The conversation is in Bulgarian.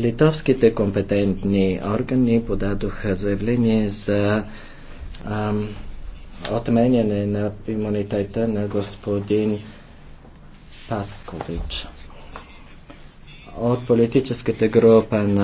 Литовските компетентни органи подадоха заявление за ам, отменяне на имунитета на господин Паскович. От политическата група на